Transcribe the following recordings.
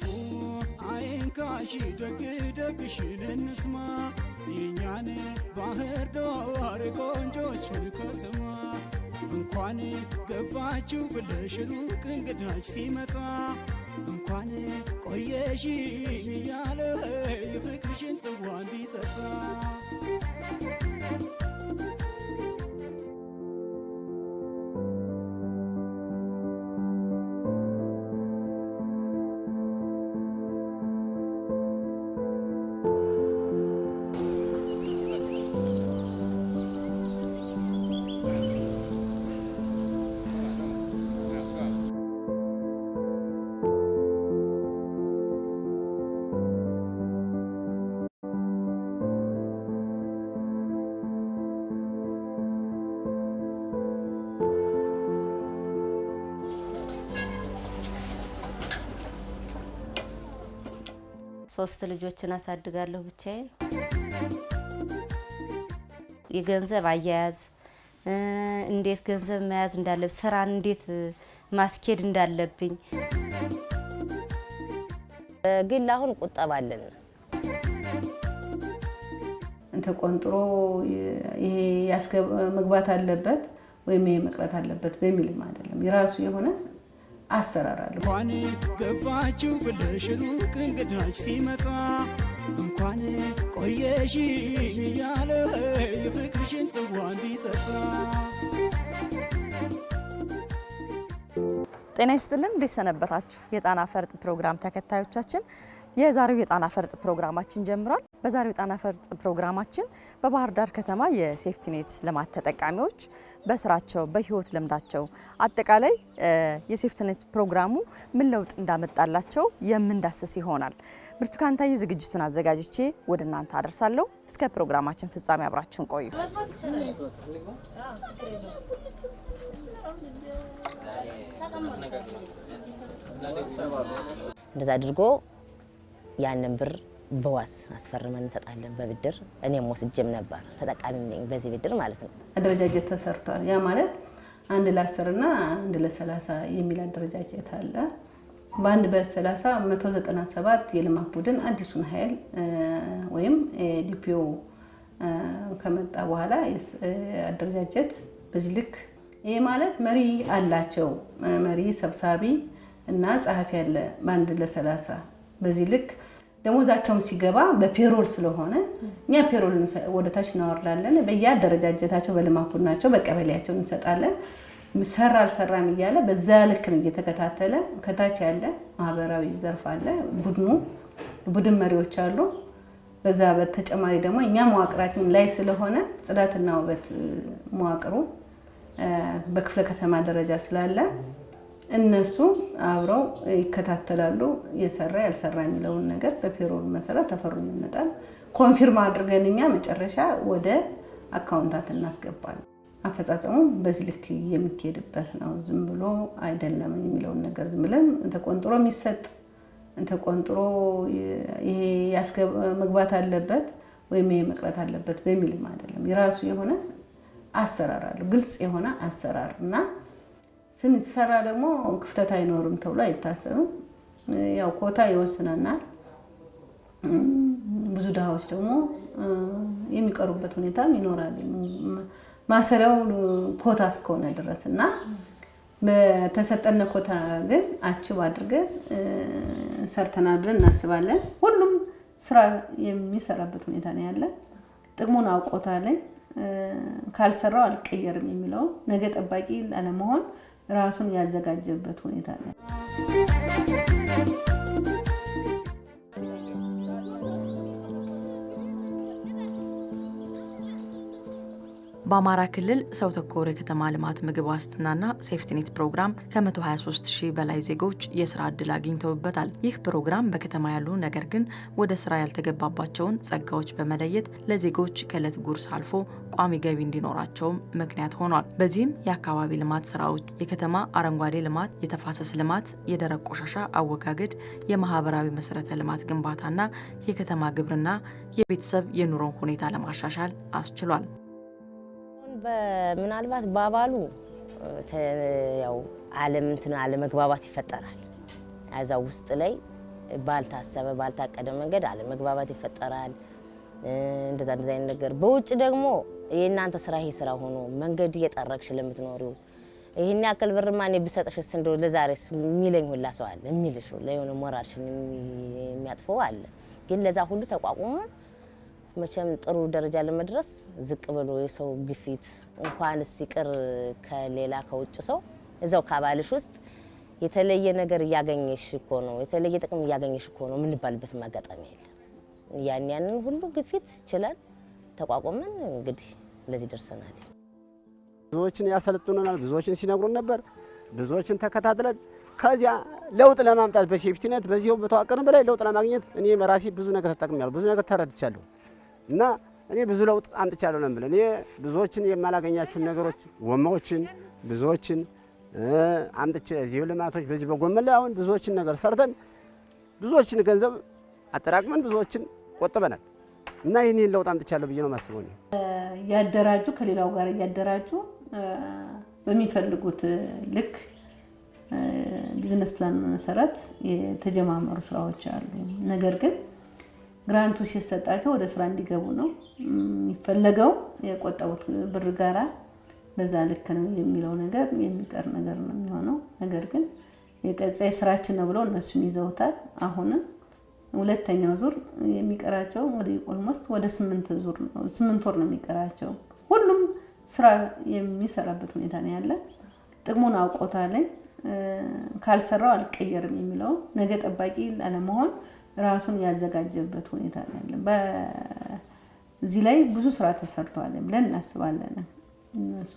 ክፉ አይንካሽ ደግ ደግሽን እንስማ የእኛን ባህር ዳር ቆንጆችን ከተማ እንኳን ገባችሁ ብለሽ ሩቅ እንግዳች ሲመጣ እንኳን ቆየሽ እያለ የፍቅርሽን ጽዋ እንዲጠጣ ሶስት ልጆችን አሳድጋለሁ ብቻዬን። የገንዘብ አያያዝ እንዴት ገንዘብ መያዝ እንዳለብኝ፣ ስራን እንዴት ማስኬድ እንዳለብኝ ግን ላሁን ቁጠባለን ተቆንጥሮ ይሄ መግባት አለበት ወይም ይሄ መቅረት አለበት በሚልም አይደለም የራሱ የሆነ አሰራር አለው። እንኳን ገባችሁ ብለሽ ሩቅ እንግዳሽ ሲመጣ እንኳን ቆየሽ እያለ የፍቅርሽን ጽዋ እንዲጠጣ ጤና ይስጥልን። እንዴት ሰነበታችሁ? የጣና ፈርጥ ፕሮግራም ተከታዮቻችን የዛሬው የጣና ፈርጥ ፕሮግራማችን ጀምሯል። በዛሬው የጣና ፈርጥ ፕሮግራማችን በባህር ዳር ከተማ የሴፍቲኔት ልማት ተጠቃሚዎች በስራቸው በህይወት ልምዳቸው አጠቃላይ የሴፍቲኔት ፕሮግራሙ ምን ለውጥ እንዳመጣላቸው የምንዳስስ ይሆናል። ብርቱካን ታዬ ዝግጅቱን አዘጋጅቼ ወደ እናንተ አደርሳለሁ። እስከ ፕሮግራማችን ፍጻሜ አብራችን ቆዩ። እንደዛ አድርጎ ያንን ብር በዋስ አስፈርመን እንሰጣለን። በብድር እኔም ወስጄም ነበር ተጠቃሚ ነኝ በዚህ ብድር ማለት ነው። አደረጃጀት ተሰርቷል። ያ ማለት አንድ ለአስር እና አንድ ለሰላሳ የሚል አደረጃጀት አለ። በአንድ በሰላሳ መቶ ዘጠና ሰባት የልማት ቡድን አዲሱን ሀይል ወይም ዲፒዮ ከመጣ በኋላ አደረጃጀት በዚህ ልክ ይህ ማለት መሪ አላቸው። መሪ፣ ሰብሳቢ እና ጸሐፊ አለ በአንድ ለሰላሳ በዚህ ልክ ደሞዛቸውም ሲገባ በፔሮል ስለሆነ እኛ ፔሮል ወደታች እናወርዳለን። በየአደረጃጀታቸው በልማት ቡድናቸው በቀበሌያቸው እንሰጣለን። ሰራ አልሰራም እያለ በዛ ልክ ነው እየተከታተለ ከታች ያለ ማህበራዊ ዘርፍ አለ፣ ቡድኑ ቡድን መሪዎች አሉ። በዛ በተጨማሪ ደግሞ እኛ መዋቅራችን ላይ ስለሆነ ጽዳትና ውበት መዋቅሩ በክፍለ ከተማ ደረጃ ስላለ እነሱ አብረው ይከታተላሉ። የሰራ ያልሰራ የሚለውን ነገር በፔሮል መሰረት ተፈርሞ ይመጣል። ኮንፊርም አድርገን እኛ መጨረሻ ወደ አካውንታት እናስገባለን። አፈጻጸሙ በስልክ የሚካሄድበት ነው። ዝም ብሎ አይደለም የሚለውን ነገር ዝም ብለን ተቆንጥሮ የሚሰጥ ተቆንጥሮ ይሄ መግባት አለበት ወይም ይሄ መቅረት አለበት በሚልም አይደለም። የራሱ የሆነ አሰራር አለው። ግልጽ የሆነ አሰራር እና ስንሰራ ደግሞ ክፍተት አይኖርም ተብሎ አይታሰብም። ያው ኮታ ይወስነናል። ብዙ ድሃዎች ደግሞ የሚቀሩበት ሁኔታም ይኖራል። ማሰሪያው ኮታ እስከሆነ ድረስ እና በተሰጠነ ኮታ ግን አችብ አድርገን ሰርተናል ብለን እናስባለን። ሁሉም ስራ የሚሰራበት ሁኔታ ነው ያለ። ጥቅሙን አውቆታለኝ ካልሰራው አልቀየርም የሚለውን ነገ ጠባቂ አለመሆን ራሱን ያዘጋጀበት ሁኔታ ነው። በአማራ ክልል ሰው ተኮር የከተማ ልማት ምግብ ዋስትናና ሴፍቲኔት ፕሮግራም ከ123 ሺህ በላይ ዜጎች የስራ ዕድል አግኝተውበታል። ይህ ፕሮግራም በከተማ ያሉ ነገር ግን ወደ ስራ ያልተገባባቸውን ጸጋዎች በመለየት ለዜጎች ከእለት ጉርስ አልፎ ቋሚ ገቢ እንዲኖራቸውም ምክንያት ሆኗል። በዚህም የአካባቢ ልማት ስራዎች፣ የከተማ አረንጓዴ ልማት፣ የተፋሰስ ልማት፣ የደረቅ ቆሻሻ አወጋገድ፣ የማህበራዊ መሰረተ ልማት ግንባታና የከተማ ግብርና የቤተሰብ የኑሮን ሁኔታ ለማሻሻል አስችሏል። ምናልባት በአባሉ ያው አለም እንትን አለመግባባት ይፈጠራል። እዛ ውስጥ ላይ ባልታሰበ ባልታቀደ መንገድ አለመግባባት ይፈጠራል። እንደዛ እንደዛ አይነት ነገር። በውጭ ደግሞ የእናንተ ስራ ይሄ ስራ ሆኖ መንገድ እየጠረግሽ ለምትኖሪው ይህን ያክል ብርማ እኔ ብሰጥሽስ እንደው ለዛሬስ የሚለኝ ሁላ ሰው አለ፣ የሚልሽ ለሆነ ሞራልሽን የሚያጥፈው አለ። ግን ለዛ ሁሉ ተቋቁሞ መቼም ጥሩ ደረጃ ለመድረስ ዝቅ ብሎ የሰው ግፊት እንኳን ሲቅር ከሌላ ከውጭ ሰው እዛው ካባልሽ ውስጥ የተለየ ነገር እያገኘሽ እኮ ነው፣ የተለየ ጥቅም እያገኘሽ እኮ ነው የምንባልበት ማጋጠሚ የለም። ያን ያንን ሁሉ ግፊት ችለን ተቋቁመን እንግዲህ ለዚህ ደርሰናል። ብዙዎችን ያሰለጥኑናል፣ ብዙዎችን ሲነግሩን ነበር፣ ብዙዎችን ተከታትለን ከዚያ ለውጥ ለማምጣት በሴፍቲነት በዚሁ በተዋቀርን በላይ ለውጥ ለማግኘት እኔ መራሴ ብዙ ነገር ተጠቅሜያለሁ፣ ብዙ ነገር ተረድቻለሁ። እና እኔ ብዙ ለውጥ አምጥቻለሁ ነው የምልህ። እኔ ብዙዎችን የማላገኛችሁን ነገሮች ወማዎችን ብዙዎችን አምጥቼ እዚህ ልማቶች በዚህ በጎመን ላይ አሁን ብዙዎችን ነገር ሰርተን ብዙዎችን ገንዘብ አጠራቅመን ብዙዎችን ቆጥበናል እና ይህንን ለውጥ አምጥቻለሁ ብዬ ነው የማስበው። እያደራጁ ከሌላው ጋር እያደራጁ በሚፈልጉት ልክ ቢዝነስ ፕላን መሰረት የተጀማመሩ ስራዎች አሉ ነገር ግን ግራንቱ ሲሰጣቸው ወደ ስራ እንዲገቡ ነው የሚፈለገው። የቆጠቡት ብር ጋራ በዛ ልክ ነው የሚለው ነገር የሚቀር ነገር ነው የሚሆነው። ነገር ግን የቀጻይ ስራችን ነው ብለው እነሱም ይዘውታል። አሁንም ሁለተኛው ዙር የሚቀራቸው ወደ ኦልሞስት ወደ ስምንት ዙር ስምንት ወር ነው የሚቀራቸው። ሁሉም ስራ የሚሰራበት ሁኔታ ነው ያለ። ጥቅሙን አውቆታለኝ ካልሰራው አልቀየርም የሚለው ነገ ጠባቂ አለመሆን ራሱን ያዘጋጀበት ሁኔታ ነው ያለ። በዚህ ላይ ብዙ ስራ ተሰርተዋል ብለን እናስባለን። እነሱ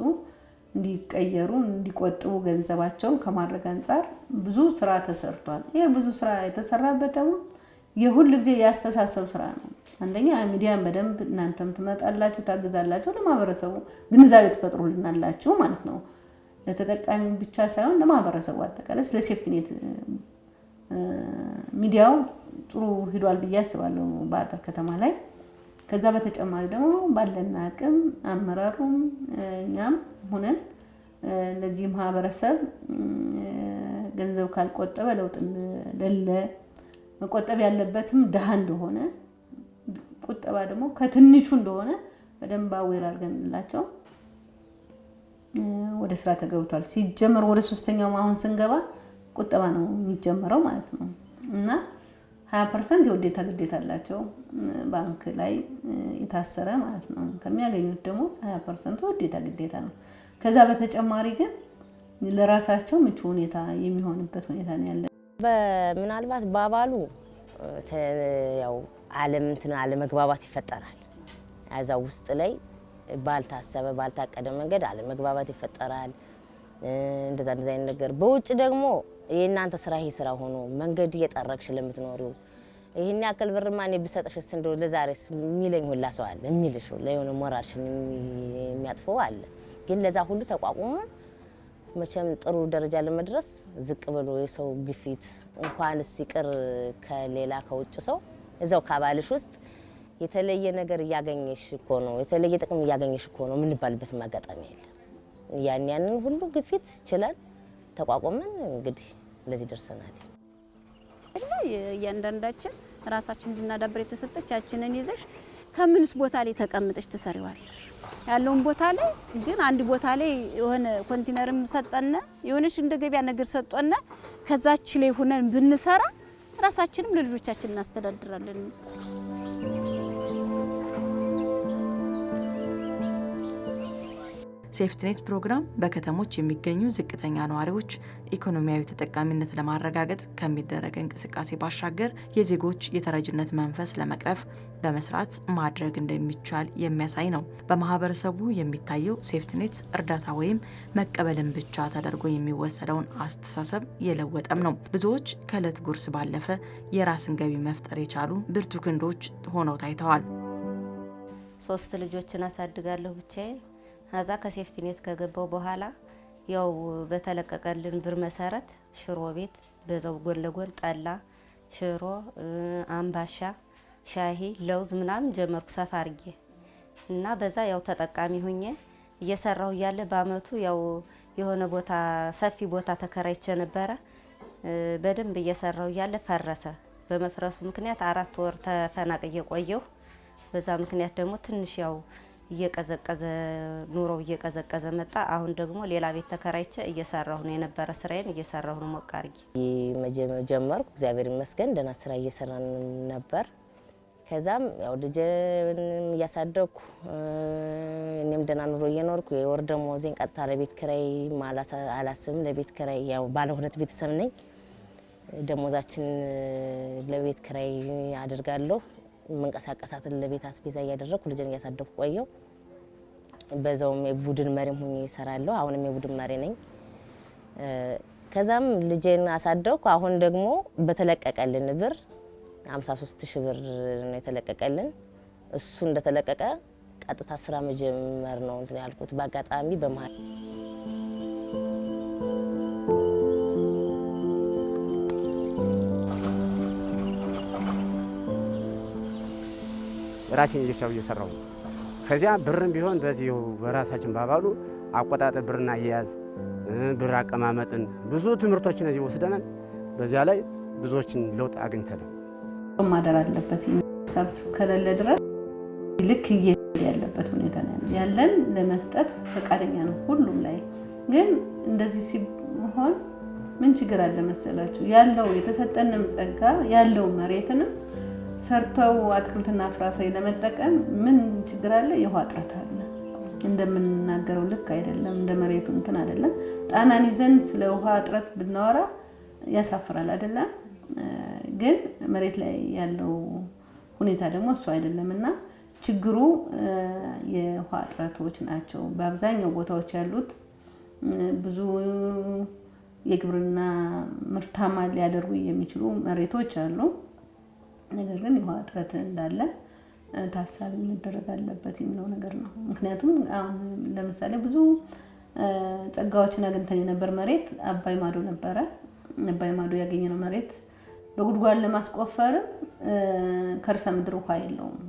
እንዲቀየሩ እንዲቆጥቡ ገንዘባቸውን ከማድረግ አንጻር ብዙ ስራ ተሰርቷል። ይህ ብዙ ስራ የተሰራበት ደግሞ የሁል ጊዜ ያስተሳሰብ ስራ ነው። አንደኛ ሚዲያን በደንብ እናንተም ትመጣላችሁ፣ ታግዛላችሁ፣ ለማህበረሰቡ ግንዛቤ ትፈጥሩልናላችሁ ማለት ነው። ለተጠቃሚ ብቻ ሳይሆን ለማህበረሰቡ አጠቃላይ ስለ ሴፍቲኔት ሚዲያው ጥሩ ሂዷል ብዬ አስባለሁ ባህር ዳር ከተማ ላይ። ከዛ በተጨማሪ ደግሞ ባለን አቅም አመራሩም እኛም ሆነን ለዚህ ማህበረሰብ ገንዘብ ካልቆጠበ ለውጥ እንደሌለ መቆጠብ ያለበትም ድሃ እንደሆነ ቁጠባ ደግሞ ከትንሹ እንደሆነ በደንብ አዌር አድርገንላቸው ወደ ስራ ተገብቷል። ሲጀመር ወደ ሶስተኛው አሁን ስንገባ ቁጠባ ነው የሚጀመረው ማለት ነው እና ሀያ ፐርሰንት የውዴታ ግዴታ አላቸው ባንክ ላይ የታሰረ ማለት ነው። ከሚያገኙት ደግሞ ሀያ ፐርሰንቱ የውዴታ ግዴታ ነው። ከዛ በተጨማሪ ግን ለራሳቸው ምቹ ሁኔታ የሚሆንበት ሁኔታ ነው ያለ። ምናልባት በአባሉ ያው አለም እንትን አለመግባባት ይፈጠራል። እዛ ውስጥ ላይ ባልታሰበ ባልታቀደ መንገድ አለመግባባት ይፈጠራል። እንደዛ እንደዛ አይነት ነገር በውጭ ደግሞ የእናንተ ስራ ይሄ ስራ ሆኖ መንገድ እየጠረግሽ ለምትኖሪው ይህን ያክል ብርማ እኔ ብሰጥሽስ እንደው ለዛሬስ የሚለኝ ሁላ ሰው አለ የሚልሽ ሁላ ሞራልሽን የሚያጥፈው አለ። ግን ለዛ ሁሉ ተቋቁሞ መቼም ጥሩ ደረጃ ለመድረስ ዝቅ ብሎ የሰው ግፊት እንኳን ሲቅር ከሌላ ከውጭ ሰው እዛው ካባልሽ ውስጥ የተለየ ነገር እያገኘሽ እኮ ነው፣ የተለየ ጥቅም እያገኘሽ እኮ ነው የምንባልበት አጋጣሚ የለም። ያን ያንን ሁሉ ግፊት ችለን ተቋቁመን እንግዲህ ለዚህ ደርሰናል። እያንዳንዳችን ራሳችን እንድናዳብር የተሰጠች ያችንን ይዘሽ ከምንስ ቦታ ላይ ተቀምጠች ትሰሪዋለሽ? ያለውን ቦታ ላይ ግን አንድ ቦታ ላይ የሆነ ኮንቲነርም ሰጠነ የሆነች እንደ ገቢያ ነገር ሰጠነ ከዛች ላይ ሆነን ብንሰራ ራሳችንም ለልጆቻችን እናስተዳድራለን። ሴፍትኔት ፕሮግራም በከተሞች የሚገኙ ዝቅተኛ ነዋሪዎች ኢኮኖሚያዊ ተጠቃሚነት ለማረጋገጥ ከሚደረግ እንቅስቃሴ ባሻገር የዜጎች የተረጅነት መንፈስ ለመቅረፍ በመስራት ማድረግ እንደሚቻል የሚያሳይ ነው። በማህበረሰቡ የሚታየው ሴፍትኔት እርዳታ ወይም መቀበልን ብቻ ተደርጎ የሚወሰደውን አስተሳሰብ የለወጠም ነው። ብዙዎች ከእለት ጉርስ ባለፈ የራስን ገቢ መፍጠር የቻሉ ብርቱ ክንዶች ሆነው ታይተዋል። ሶስት ልጆችን አሳድጋለሁ ብቻዬን ከሴፍቲ ከሴፍቲኔት ከገባው በኋላ ያው በተለቀቀልን ብር መሰረት ሽሮ ቤት በዛው ጎን ለጎን ጠላ፣ ሽሮ፣ አምባሻ፣ ሻሂ፣ ለውዝ ምናምን ጀመርኩ ሰፋ አርጌ እና በዛ ያው ተጠቃሚ ሁኜ እየሰራሁ እያለ በአመቱ ያው የሆነ ቦታ ሰፊ ቦታ ተከራይቼ ነበረ። በደንብ እየሰራሁ እያለ ፈረሰ። በመፍረሱ ምክንያት አራት ወር ተፈናቅዬ ቆየሁ። በዛ ምክንያት ደግሞ ትንሽ ያው እየቀዘቀዘ ኑሮው እየቀዘቀዘ መጣ። አሁን ደግሞ ሌላ ቤት ተከራይቼ እየሰራሁ ነው። የነበረ ስራዬን እየሰራሁ ነው። ሞቅ አርጊ ጀመርኩ። እግዚአብሔር ይመስገን ደህና ስራ እየሰራን ነበር። ከዛም ያው ልጅን እያሳደግኩ እኔም ደህና ኑሮ እየኖርኩ የወር ደመወዜን ቀጥታ ለቤት ክራይ አላስብም። ለቤት ክራይ ያው ባለ ሁለት ቤተሰብ ነኝ። ደሞዛችን ለቤት ክራይ አድርጋለሁ። መንቀሳቀሳትን ለቤት አስቤዛ እያደረግኩ ልጅን እያሳደኩ ቆየው። በዛውም የቡድን መሪም ሁኜ ይሰራለሁ። አሁንም የቡድን መሪ ነኝ። ከዛም ልጄን አሳደኩ አሁን ደግሞ በተለቀቀልን ብር 53 ሺህ ብር ነው የተለቀቀልን። እሱ እንደተለቀቀ ቀጥታ ስራ መጀመር ነው እንትን ያልኩት በአጋጣሚ በመሀል ራሴን እየቻው እየሰራው ነው። ከዚያ ብርም ቢሆን በዚሁ በራሳችን ባባሉ አቆጣጠር ብርና አያያዝ ብር አቀማመጥን ብዙ ትምህርቶችን እዚህ ወስደናል። በዚያ ላይ ብዙዎችን ለውጥ አግኝተናል። ማደር አለበት ሂሳብ ከሌለ ድረስ ልክ እየሄድ ያለበት ሁኔታ ነው ያለን ለመስጠት ፈቃደኛ ነው ሁሉም ላይ ግን እንደዚህ ሲሆን ምን ችግር አለ መሰላችሁ? ያለው የተሰጠንም ጸጋ ያለው መሬትንም ሰርተው አትክልትና ፍራፍሬ ለመጠቀም ምን ችግር አለ? የውሃ እጥረት አለ። እንደምንናገረው ልክ አይደለም። እንደ መሬቱ እንትን አይደለም። ጣናን ይዘን ስለ ውሃ እጥረት ብናወራ ያሳፍራል አይደለም። ግን መሬት ላይ ያለው ሁኔታ ደግሞ እሱ አይደለም እና ችግሩ የውሃ እጥረቶች ናቸው። በአብዛኛው ቦታዎች ያሉት ብዙ የግብርና ምርታማ ሊያደርጉ የሚችሉ መሬቶች አሉ። ነገር ግን የውሃ እጥረት እንዳለ ታሳቢ መደረግ አለበት የሚለው ነገር ነው። ምክንያቱም አሁን ለምሳሌ ብዙ ጸጋዎችን አግኝተን የነበር መሬት አባይ ማዶ ነበረ። አባይ ማዶ ያገኘነው መሬት በጉድጓድ ለማስቆፈርም ከርሰ ምድር ውሃ የለውም።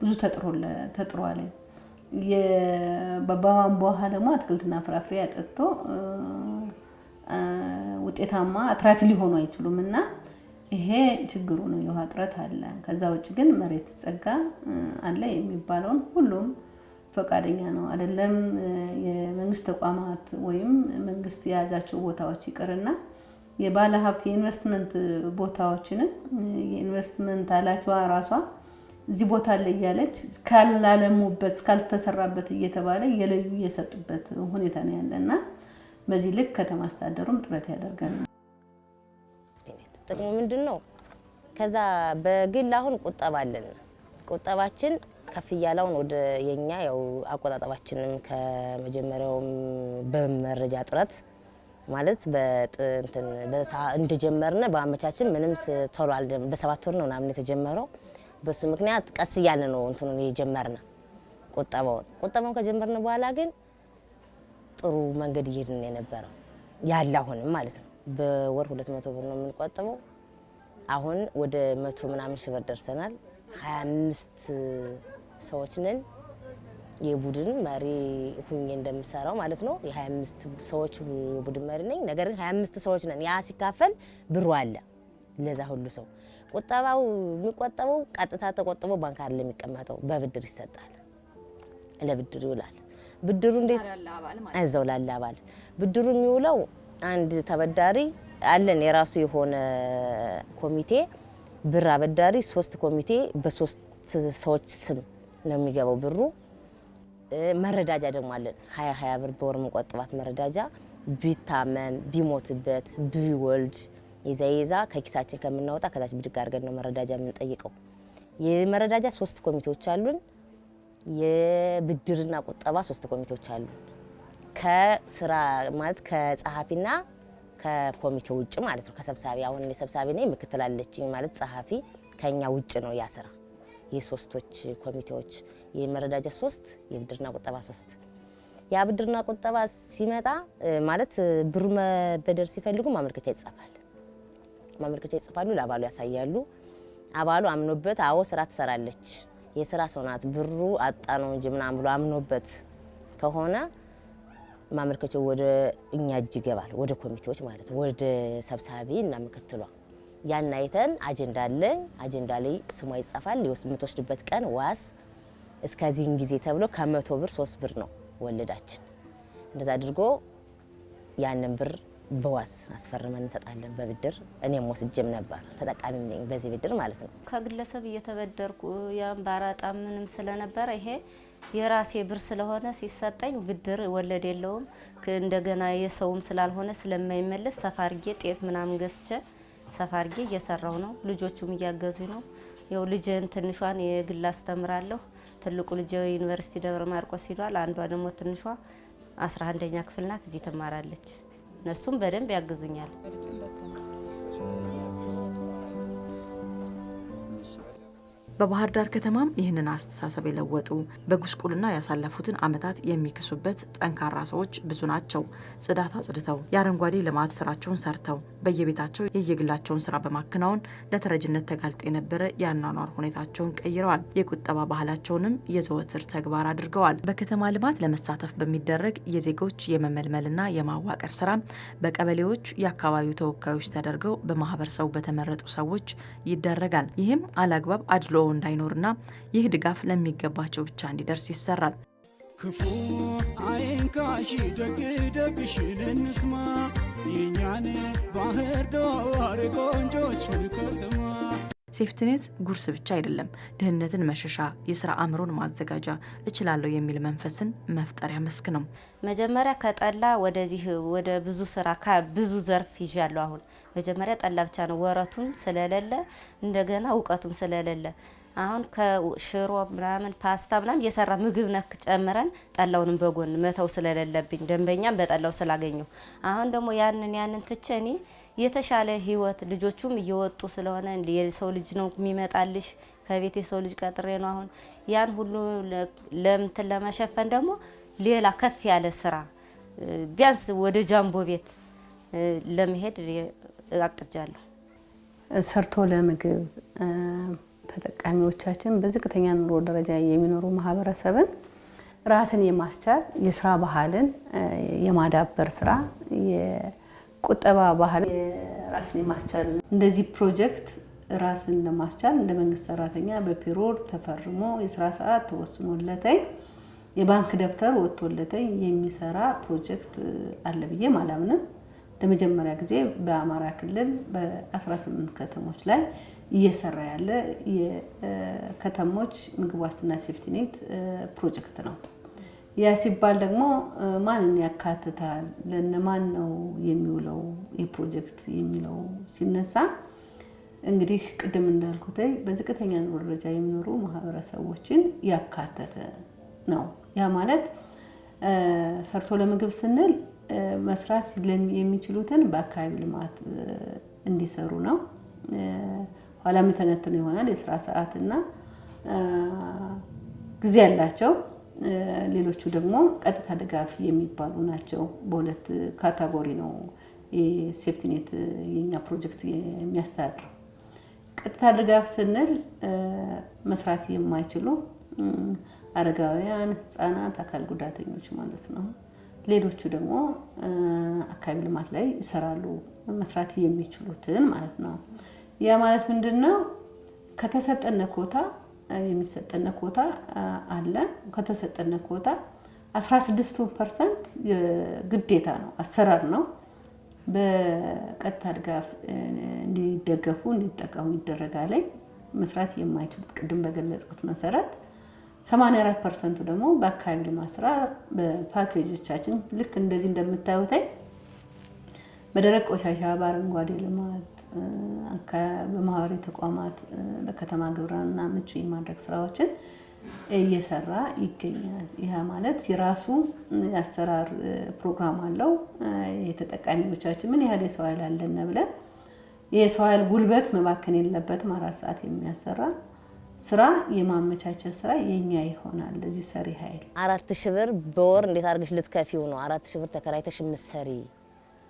ብዙ ተጥሯል። በቧንቧ ውሃ ደግሞ አትክልትና ፍራፍሬ አጠጥቶ ውጤታማ አትራፊ ሊሆኑ አይችሉም እና ይሄ ችግሩ ነው። የውሃ እጥረት አለ። ከዛ ውጭ ግን መሬት ጸጋ አለ የሚባለውን ሁሉም ፈቃደኛ ነው። አይደለም የመንግስት ተቋማት ወይም መንግስት የያዛቸው ቦታዎች ይቅርና የባለ ሀብት የኢንቨስትመንት ቦታዎችንም የኢንቨስትመንት ኃላፊዋ ራሷ እዚህ ቦታ ላይ እያለች እስካላለሙበት እስካልተሰራበት እየተባለ የለዩ የሰጡበት ሁኔታ ነው ያለ እና በዚህ ልክ ከተማ አስተዳደሩም ጥረት ያደርጋል። ጥቅሙ ምንድን ነው? ከዛ በግል አሁን ቁጠባለን። ቁጠባችን ከፍ እያለውን ወደ የኛ ያው አቆጣጠባችንም ከመጀመሪያው በመረጃ ጥረት ማለት በጥንትን በአመቻችን ምንም ቶሎ አልደም በሰባት ወር ነው ምናምን የተጀመረው። በሱ ምክንያት ቀስ እያለ ነው እንትኑ የጀመርነ ቁጠባውን ቁጠባውን ከጀመርነ በኋላ ግን ጥሩ መንገድ እየሄድን የነበረው ያለ አሁንም ማለት ነው። በወር ሁለት መቶ ብር ነው የምንቆጥበው። አሁን ወደ መቶ ምናምን ሺህ ብር ደርሰናል። 25 ሰዎች ነን። የቡድን መሪ ሁኜ እንደምሰራው ማለት ነው። የ የ25 ሰዎች የቡድን መሪ ነኝ። ነገር ግን 25 አምስት ሰዎች ነን። ያ ሲካፈል ብሩ አለ ለዛ ሁሉ ሰው። ቁጠባው የሚቆጠበው ቀጥታ ተቆጥቦ ባንክ አይደለም የሚቀመጠው፣ በብድር ይሰጣል፣ ለብድር ይውላል። ብድሩ እንዴት እዛው ላለ አባል ብድሩ የሚውለው አንድ ተበዳሪ አለን የራሱ የሆነ ኮሚቴ ብር አበዳሪ ሶስት ኮሚቴ በሶስት ሰዎች ስም ነው የሚገባው ብሩ። መረዳጃ ደግሞ አለን ሀያ ሀያ ብር በወር መቆጥባት መረዳጃ ቢታመም ቢሞትበት ቢወልድ ይዛ ይዛ ከኪሳችን ከምናወጣ ከታች ብድግ አድርገን ነው መረዳጃ የምንጠይቀው። የመረዳጃ ሶስት ኮሚቴዎች አሉን። የብድርና ቁጠባ ሶስት ኮሚቴዎች አሉን። ከስራ ማለት ከጸሐፊና ከኮሚቴ ውጭ ማለት ነው። ከሰብሳቢ አሁን ሰብሳቢ ነኝ፣ ምክትል አለችኝ ማለት ጸሐፊ ከኛ ውጭ ነው ያ ስራ። የሶስቶች ኮሚቴዎች የመረዳጃ ሶስት የብድርና ቁጠባ ሶስት ያ ብድርና ቁጠባ ሲመጣ ማለት ብሩ መበደር ሲፈልጉ ማመልከቻ ይጻፋል። ማመልከቻ ይጽፋሉ፣ ለአባሉ ያሳያሉ። አባሉ አምኖበት አዎ ስራ ትሰራለች የስራ ሰው ናት ብሩ አጣ ነው እንጂ ምናምን ብሎ አምኖበት ከሆነ ማመልከቻው ወደ እኛ እጅ ይገባል፣ ወደ ኮሚቴዎች ማለት ነው፣ ወደ ሰብሳቢ እና ምክትሏ። ያን አይተን አጀንዳ አለን፣ አጀንዳ ላይ ስሟ ይጻፋል። የምትወስድበት ቀን ዋስ እስከዚህን ጊዜ ተብሎ ከመቶ ብር ሶስት ብር ነው ወለዳችን። እንደዛ አድርጎ ያንን ብር በዋስ አስፈርመን እንሰጣለን። በብድር እኔም ወስጄም ነበር ተጠቃሚ ነኝ፣ በዚህ ብድር ማለት ነው። ከግለሰብ እየተበደርኩ ባራጣ ምንም ስለነበረ ይሄ የራሴ ብር ስለሆነ ሲሰጠኝ ብድር ወለድ የለውም። እንደገና የሰውም ስላልሆነ ስለማይመለስ ሰፋርጌ ጤፍ ምናምን ገዝቼ ሰፋርጌ እየሰራው ነው። ልጆቹም እያገዙኝ ነው። ያው ልጅን ትንሿን የግል አስተምራለሁ። ትልቁ ልጅ ዩኒቨርሲቲ ደብረ ማርቆስ ሂዷል። አንዷ ደግሞ ትንሿ አስራ አንደኛ ክፍል ናት፣ እዚህ ትማራለች። እነሱም በደንብ ያግዙኛል። በባህር ዳር ከተማም ይህንን አስተሳሰብ የለወጡ በጉስቁልና ያሳለፉትን ዓመታት የሚክሱበት ጠንካራ ሰዎች ብዙ ናቸው። ጽዳት አጽድተው የአረንጓዴ ልማት ስራቸውን ሰርተው በየቤታቸው የየግላቸውን ስራ በማከናወን ለተረጅነት ተጋልጦ የነበረ የአኗኗር ሁኔታቸውን ቀይረዋል። የቁጠባ ባህላቸውንም የዘወትር ተግባር አድርገዋል። በከተማ ልማት ለመሳተፍ በሚደረግ የዜጎች የመመልመልና የማዋቀር ስራ በቀበሌዎች የአካባቢው ተወካዮች ተደርገው በማህበረሰቡ በተመረጡ ሰዎች ይደረጋል። ይህም አላግባብ አድሎ እንዳይኖርና ይህ ድጋፍ ለሚገባቸው ብቻ እንዲደርስ ይሰራል። ክፉ አይንካሽ፣ ደግ ደግሽን እንስማ፣ የእኛን ባህር ዳር ቆንጆችን ከተማ። ሴፍትኔት ጉርስ ብቻ አይደለም፣ ድህነትን መሸሻ፣ የስራ አእምሮን ማዘጋጃ፣ እችላለሁ የሚል መንፈስን መፍጠሪያ መስክ ነው። መጀመሪያ ከጠላ ወደዚህ ወደ ብዙ ስራ ከብዙ ዘርፍ ይዣለሁ። አሁን መጀመሪያ ጠላ ብቻ ነው፣ ወረቱም ስለሌለ እንደገና እውቀቱም ስለሌለ አሁን ከሽሮ ምናምን ፓስታ ምናምን እየሰራ ምግብ ነክ ጨምረን ጠላውንም በጎን መተው ስለሌለብኝ ደንበኛም በጠላው ስላገኘው አሁን ደግሞ ያንን ያንን ትቼ እኔ የተሻለ ህይወት ልጆቹም እየወጡ ስለሆነ የሰው ልጅ ነው የሚመጣልሽ ከቤት የሰው ልጅ ቀጥሬ ነው አሁን ያን ሁሉ ለምትን ለመሸፈን ደግሞ ሌላ ከፍ ያለ ስራ ቢያንስ ወደ ጃምቦ ቤት ለመሄድ አቅጃለሁ። ሰርቶ ለምግብ ተጠቃሚዎቻችን በዝቅተኛ ኑሮ ደረጃ የሚኖሩ ማህበረሰብን ራስን የማስቻል የስራ ባህልን የማዳበር ስራ፣ የቁጠባ ባህል ራስን የማስቻል እንደዚህ ፕሮጀክት ራስን ለማስቻል እንደ መንግስት ሰራተኛ በፔሮል ተፈርሞ የስራ ሰዓት ተወስኖለተኝ የባንክ ደብተር ወጥቶለተኝ የሚሰራ ፕሮጀክት አለ ብዬ ማላምንም። ለመጀመሪያ ጊዜ በአማራ ክልል በ18 ከተሞች ላይ እየሰራ ያለ የከተሞች ምግብ ዋስትና ሴፍቲኔት ፕሮጀክት ነው። ያ ሲባል ደግሞ ማንን ያካትታል፣ ለነማን ነው የሚውለው የፕሮጀክት የሚለው ሲነሳ እንግዲህ ቅድም እንዳልኩት በዝቅተኛ ኑሮ ደረጃ የሚኖሩ ማህበረሰቦችን ያካተተ ነው። ያ ማለት ሰርቶ ለምግብ ስንል መስራት የሚችሉትን በአካባቢ ልማት እንዲሰሩ ነው። ኋላ ምተነትን ይሆናል። የስራ ሰዓትና ጊዜ ያላቸው ሌሎቹ ደግሞ ቀጥታ ድጋፍ የሚባሉ ናቸው። በሁለት ካታጎሪ ነው ሴፍቲኔት የኛ ፕሮጀክት የሚያስተዳድረው። ቀጥታ ድጋፍ ስንል መስራት የማይችሉ አረጋውያን፣ ህፃናት አካል ጉዳተኞች ማለት ነው። ሌሎቹ ደግሞ አካባቢ ልማት ላይ ይሰራሉ መስራት የሚችሉትን ማለት ነው። ያ ማለት ምንድን ነው? ከተሰጠነ ኮታ የሚሰጠነ ኮታ አለ። ከተሰጠነ ኮታ 16ቱ ፐርሰንት ግዴታ ነው፣ አሰራር ነው። በቀጥታ ድጋፍ እንዲደገፉ እንዲጠቀሙ ይደረጋል። መስራት የማይችሉት ቅድም በገለጽኩት መሰረት 84 ፐርሰንቱ ደግሞ በአካባቢ ልማት ስራ በፓኬጆቻችን ልክ እንደዚህ እንደምታዩት በደረቅ ቆሻሻ በአረንጓዴ ልማት በማህበሪ ተቋማት በከተማ ግብርና ምቹ የማድረግ ስራዎችን እየሰራ ይገኛል። ይህ ማለት የራሱ የአሰራር ፕሮግራም አለው። የተጠቃሚዎቻችን ምን ያህል የሰው ኃይል አለን ብለን የሰው ኃይል ጉልበት መባከን የለበትም። አራት ሰዓት የሚያሰራ ስራ የማመቻቸት ስራ የኛ ይሆናል። እዚህ ሰሪ ኃይል አራት ሺህ ብር በወር እንዴት አድርገሽ ልትከፊው ነው? አራት ሺህ ብር ተከራይተሽ ምሰሪ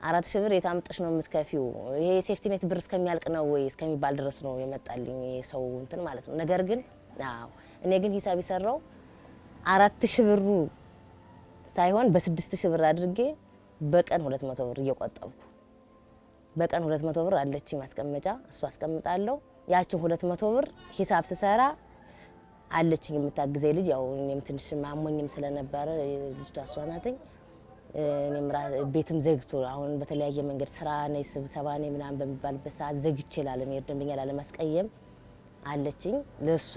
አራት ሺህ ብር የታምጥሽ ነው የምትከፊው፣ ይሄ የሴፍቲኔት ብር እስከሚያልቅ ነው ወይ እስከሚባል ድረስ ነው የመጣልኝ ሰው እንትን ማለት ነው። ነገር ግን አዎ እኔ ግን ሂሳብ የሰራው አራት ሺህ ብሩ ሳይሆን በስድስት ሺህ ብር አድርጌ በቀን ሁለት መቶ ብር እየቆጠብኩ በቀን ሁለት መቶ ብር አለች ማስቀመጫ እሱ አስቀምጣለሁ። ያችን ሁለት መቶ ብር ሂሳብ ስሰራ አለችኝ የምታግዘኝ ልጅ ያው እኔም ትንሽ አሞኝም ስለነበረ ልጅቷ እሷ ናትኝ ቤትም ዘግቶ አሁን በተለያየ መንገድ ስራ ነኝ ስብሰባ ነኝ ምናምን በሚባልበት ሰዓት ዘግቼ ላለመሄድ ደንበኛ ላለማስቀየም አለችኝ ለእሷ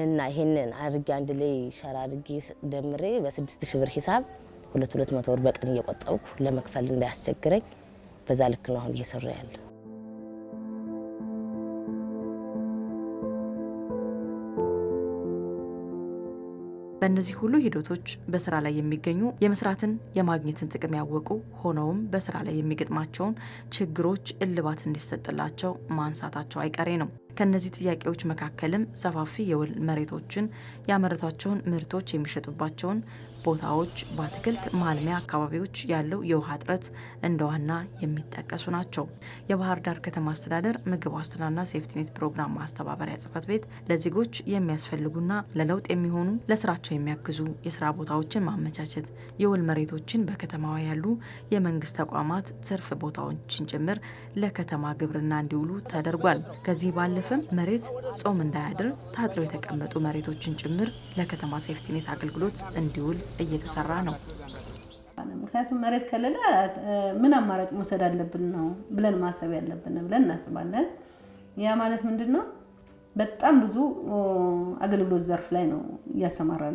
እና ይሄንን አድርጌ አንድ ላይ ሸራ አድርጌ ደምሬ በስድስት ሺህ ብር ሂሳብ ሁለት ሁለት መቶ ብር በቀን እየቆጠብኩ ለመክፈል እንዳያስቸግረኝ በዛ ልክ ነው አሁን እየሰራ ያለው። በእነዚህ ሁሉ ሂደቶች በስራ ላይ የሚገኙ የመስራትን የማግኘትን ጥቅም ያወቁ ሆነውም በስራ ላይ የሚገጥማቸውን ችግሮች እልባት እንዲሰጥላቸው ማንሳታቸው አይቀሬ ነው። ከእነዚህ ጥያቄዎች መካከልም ሰፋፊ የውል መሬቶችን ያመረቷቸውን ምርቶች የሚሸጡባቸውን ቦታዎች፣ በአትክልት ማልሚያ አካባቢዎች ያለው የውሃ እጥረት እንደ ዋና የሚጠቀሱ ናቸው። የባህር ዳር ከተማ አስተዳደር ምግብ ዋስትናና ሴፍቲኔት ፕሮግራም ማስተባበሪያ ጽሕፈት ቤት ለዜጎች የሚያስፈልጉና ለለውጥ የሚሆኑ ለስራቸው የሚያግዙ የስራ ቦታዎችን ማመቻቸት፣ የወል መሬቶችን በከተማዋ ያሉ የመንግስት ተቋማት ትርፍ ቦታዎችን ጭምር ለከተማ ግብርና እንዲውሉ ተደርጓል። ከዚህ ባለፈ ባለፈም መሬት ጾም እንዳያድር ታጥረው የተቀመጡ መሬቶችን ጭምር ለከተማ ሴፍቲኔት አገልግሎት እንዲውል እየተሰራ ነው። ምክንያቱም መሬት ከሌለ ምን አማራጭ መውሰድ አለብን ነው ብለን ማሰብ ያለብን ብለን እናስባለን። ያ ማለት ምንድን ነው? በጣም ብዙ አገልግሎት ዘርፍ ላይ ነው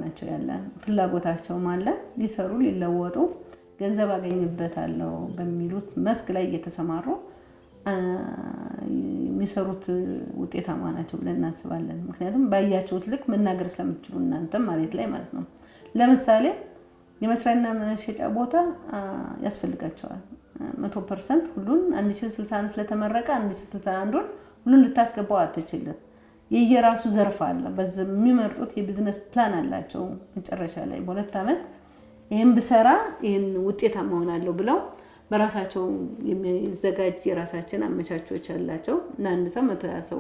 ናቸው ያለ። ፍላጎታቸውም አለ ሊሰሩ ሊለወጡ ገንዘብ አገኝበታለሁ በሚሉት መስክ ላይ እየተሰማሩ የሚሰሩት ውጤታማ ናቸው ብለን እናስባለን። ምክንያቱም ባያችሁት ልክ መናገር ስለምትችሉ እናንተ መሬት ላይ ማለት ነው። ለምሳሌ የመስሪያና መሸጫ ቦታ ያስፈልጋቸዋል። መቶ ፐርሰንት ሁሉን አንድ ሺ ስልሳ አንድ ስለተመረቀ አንድ ሺ ስልሳ አንዱን ሁሉን ልታስገባው አትችልም። የየራሱ ዘርፍ አለ። በዚ የሚመርጡት የቢዝነስ ፕላን አላቸው። መጨረሻ ላይ በሁለት ዓመት ይህን ብሰራ ይህን ውጤታማ እሆናለሁ ብለው በራሳቸው የሚዘጋጅ የራሳችን አመቻቾች አላቸው እና አንድ ሰው መቶ ያ ሰው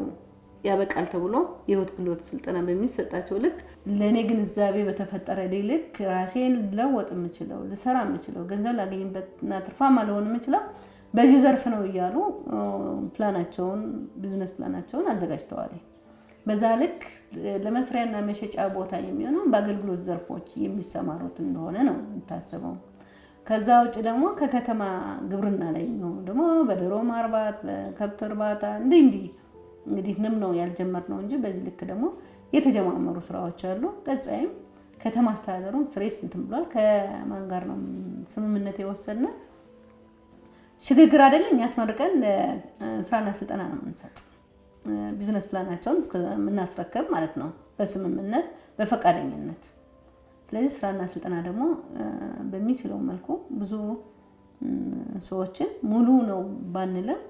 ያበቃል ተብሎ የህይወት ክህሎት ስልጠና በሚሰጣቸው ልክ ለእኔ ግንዛቤ በተፈጠረ ልክ ራሴን ልለወጥ የምችለው ልሰራ የምችለው ገንዘብ ላገኝበትና ትርፋማ ልሆን የምችለው በዚህ ዘርፍ ነው እያሉ ፕላናቸውን ቢዝነስ ፕላናቸውን አዘጋጅተዋል። በዛ ልክ ለመስሪያና መሸጫ ቦታ የሚሆነው በአገልግሎት ዘርፎች የሚሰማሩት እንደሆነ ነው የሚታሰበው። ከዛ ውጭ ደግሞ ከከተማ ግብርና ላይ ነው ደግሞ በዶሮ ማርባት፣ በከብት እርባታ እንዲህ እንዲህ እንግዲህ ንም ነው ያልጀመርነው እንጂ በዚህ ልክ ደግሞ የተጀማመሩ ስራዎች አሉ። ቀጻይም ከተማ አስተዳደሩም ስሬት ስንትም ብሏል። ከማን ጋር ነው ስምምነት የወሰድነ ሽግግር አይደለም። እኛ አስመርቀን ስራና ስልጠና ነው የምንሰጥ። ቢዝነስ ፕላናቸውን የምናስረከብ ማለት ነው በስምምነት በፈቃደኝነት ስለዚህ ስራና ስልጠና ደግሞ በሚችለው መልኩ ብዙ ሰዎችን ሙሉ ነው ባንልም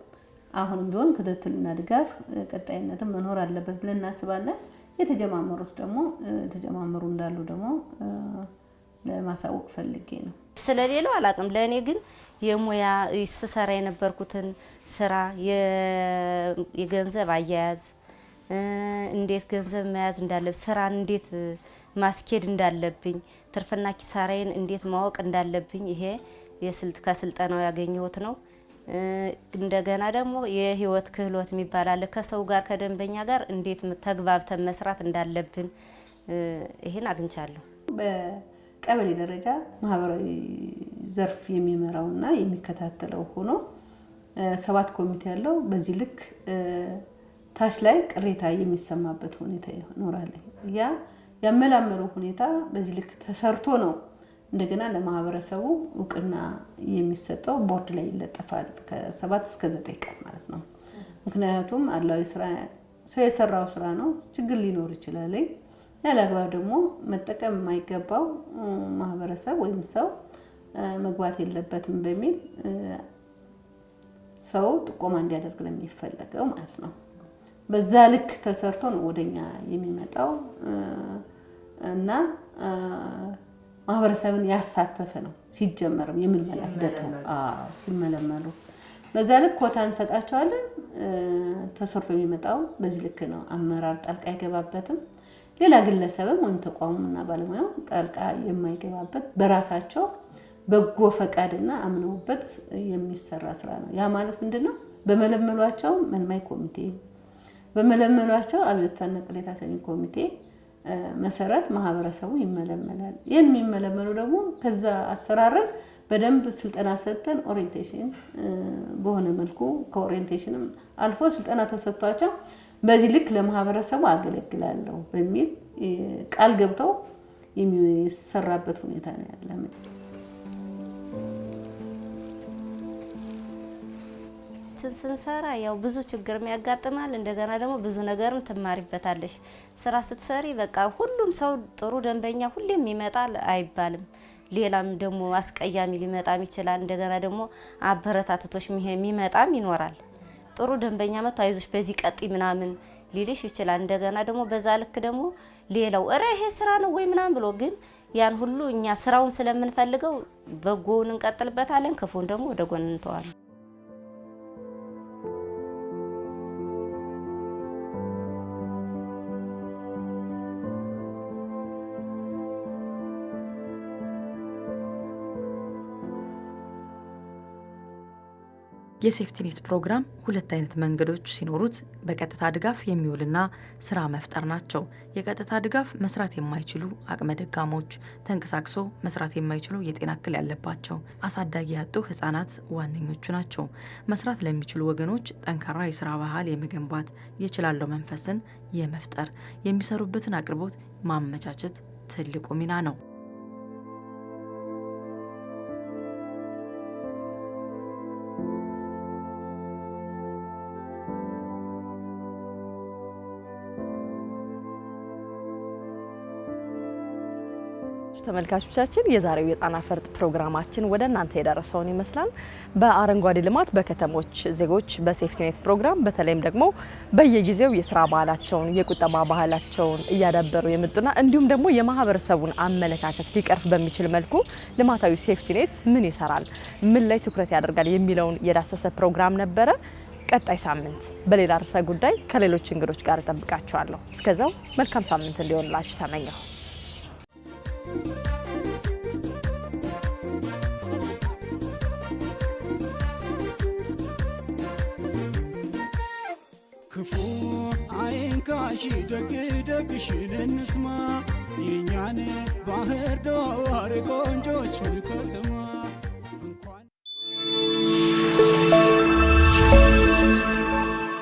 አሁንም ቢሆን ክትትልና ድጋፍ ቀጣይነትም መኖር አለበት ብለን እናስባለን። የተጀማመሩት ደግሞ የተጀማመሩ እንዳሉ ደግሞ ለማሳወቅ ፈልጌ ነው። ስለሌለው አላቅም። ለእኔ ግን የሙያ ስሰራ የነበርኩትን ስራ የገንዘብ አያያዝ እንዴት ገንዘብ መያዝ እንዳለብ ስራን እንዴት ማስኬድ እንዳለብኝ፣ ትርፍና ኪሳራዬን እንዴት ማወቅ እንዳለብኝ ይሄ የስልት ከስልጠናው ያገኘሁት ነው። እንደገና ደግሞ የህይወት ክህሎት የሚባል አለ። ከሰው ጋር ከደንበኛ ጋር እንዴት ተግባብተን መስራት እንዳለብን ይሄን አግኝቻለሁ። በቀበሌ ደረጃ ማህበራዊ ዘርፍ የሚመራውና የሚከታተለው ሆኖ ሰባት ኮሚቴ ያለው በዚህ ልክ ታች ላይ ቅሬታ የሚሰማበት ሁኔታ ይኖራል ያ ያመላመሩ ሁኔታ በዚህ ልክ ተሰርቶ ነው እንደገና ለማህበረሰቡ እውቅና የሚሰጠው ቦርድ ላይ ይለጠፋል። ከሰባት እስከ ዘጠኝ ቀን ማለት ነው። ምክንያቱም አድላዊ ስራ ሰው የሰራው ስራ ነው። ችግር ሊኖር ይችላል። ያለ አግባብ ደግሞ መጠቀም የማይገባው ማህበረሰብ ወይም ሰው መግባት የለበትም በሚል ሰው ጥቆማ እንዲያደርግ ነው የሚፈለገው ማለት ነው። በዛ ልክ ተሰርቶ ነው ወደኛ የሚመጣው። እና ማህበረሰብን ያሳተፈ ነው። ሲጀመርም የምልመላ ሂደቱ ሲመለመሉ በዛ ልክ ኮታ እንሰጣቸዋለን። ተሰርቶ የሚመጣው በዚህ ልክ ነው። አመራር ጣልቃ አይገባበትም። ሌላ ግለሰብም ወይም ተቋሙም እና ባለሙያው ጣልቃ የማይገባበት በራሳቸው በጎ ፈቃድና አምነውበት የሚሰራ ስራ ነው። ያ ማለት ምንድን ነው? በመለመሏቸው መልማይ ኮሚቴ፣ በመለመሏቸው አብዮታና ቅሬታ ሰሚ ኮሚቴ መሰረት ማህበረሰቡ ይመለመላል። ይህን የሚመለመሉ ደግሞ ከዛ አሰራርን በደንብ ስልጠና ሰጥተን ኦሪንቴሽን በሆነ መልኩ ከኦሪንቴሽንም አልፎ ስልጠና ተሰጥቷቸው በዚህ ልክ ለማህበረሰቡ አገለግላለሁ በሚል ቃል ገብተው የሚሰራበት ሁኔታ ነው ያለ። ስራችን ስንሰራ ያው ብዙ ችግር ያጋጥማል። እንደገና ደግሞ ብዙ ነገርም ትማሪበታለሽ። ስራ ስትሰሪ በቃ ሁሉም ሰው ጥሩ ደንበኛ ሁሌም ይመጣል አይባልም። ሌላም ደግሞ አስቀያሚ ሊመጣም ይችላል። እንደገና ደግሞ አበረታትቶች የሚመጣም ይኖራል። ጥሩ ደንበኛ መጥቶ አይዞች በዚህ ቀጢ ምናምን ሊልሽ ይችላል። እንደገና ደግሞ በዛ ልክ ደግሞ ሌላው እረ ይሄ ስራ ነው ወይ ምናምን ብሎ ግን ያን ሁሉ እኛ ስራውን ስለምንፈልገው በጎውን እንቀጥልበታለን፣ ክፉን ደግሞ ወደ ጎን እንተዋለን። የሴፍቲኔት ፕሮግራም ሁለት አይነት መንገዶች ሲኖሩት በቀጥታ ድጋፍ የሚውልና ስራ መፍጠር ናቸው። የቀጥታ ድጋፍ መስራት የማይችሉ አቅመ ደጋሞች፣ ተንቀሳቅሶ መስራት የማይችሉ የጤና እክል ያለባቸው፣ አሳዳጊ ያጡ ህጻናት ዋነኞቹ ናቸው። መስራት ለሚችሉ ወገኖች ጠንካራ የስራ ባህል የመገንባት የችላለው መንፈስን የመፍጠር የሚሰሩበትን አቅርቦት ማመቻቸት ትልቁ ሚና ነው። ተመልካቾቻችን የዛሬው የጣና ፈርጥ ፕሮግራማችን ወደ እናንተ የደረሰውን ይመስላል። በአረንጓዴ ልማት በከተሞች ዜጎች በሴፍቲኔት ፕሮግራም በተለይም ደግሞ በየጊዜው የስራ ባህላቸውን የቁጠባ ባህላቸውን እያዳበሩ የመጡና እንዲሁም ደግሞ የማህበረሰቡን አመለካከት ሊቀርፍ በሚችል መልኩ ልማታዊ ሴፍቲኔት ምን ይሰራል፣ ምን ላይ ትኩረት ያደርጋል የሚለውን የዳሰሰ ፕሮግራም ነበረ። ቀጣይ ሳምንት በሌላ ርዕሰ ጉዳይ ከሌሎች እንግዶች ጋር እጠብቃችኋለሁ። እስከዛው መልካም ሳምንት እንዲሆንላችሁ ተመኘሁ። ክፉ አይንካሽ ደግ ደግሽን እንስማ የእኛን ባህር ዳር ቆንጆችን ከተማ እንኳን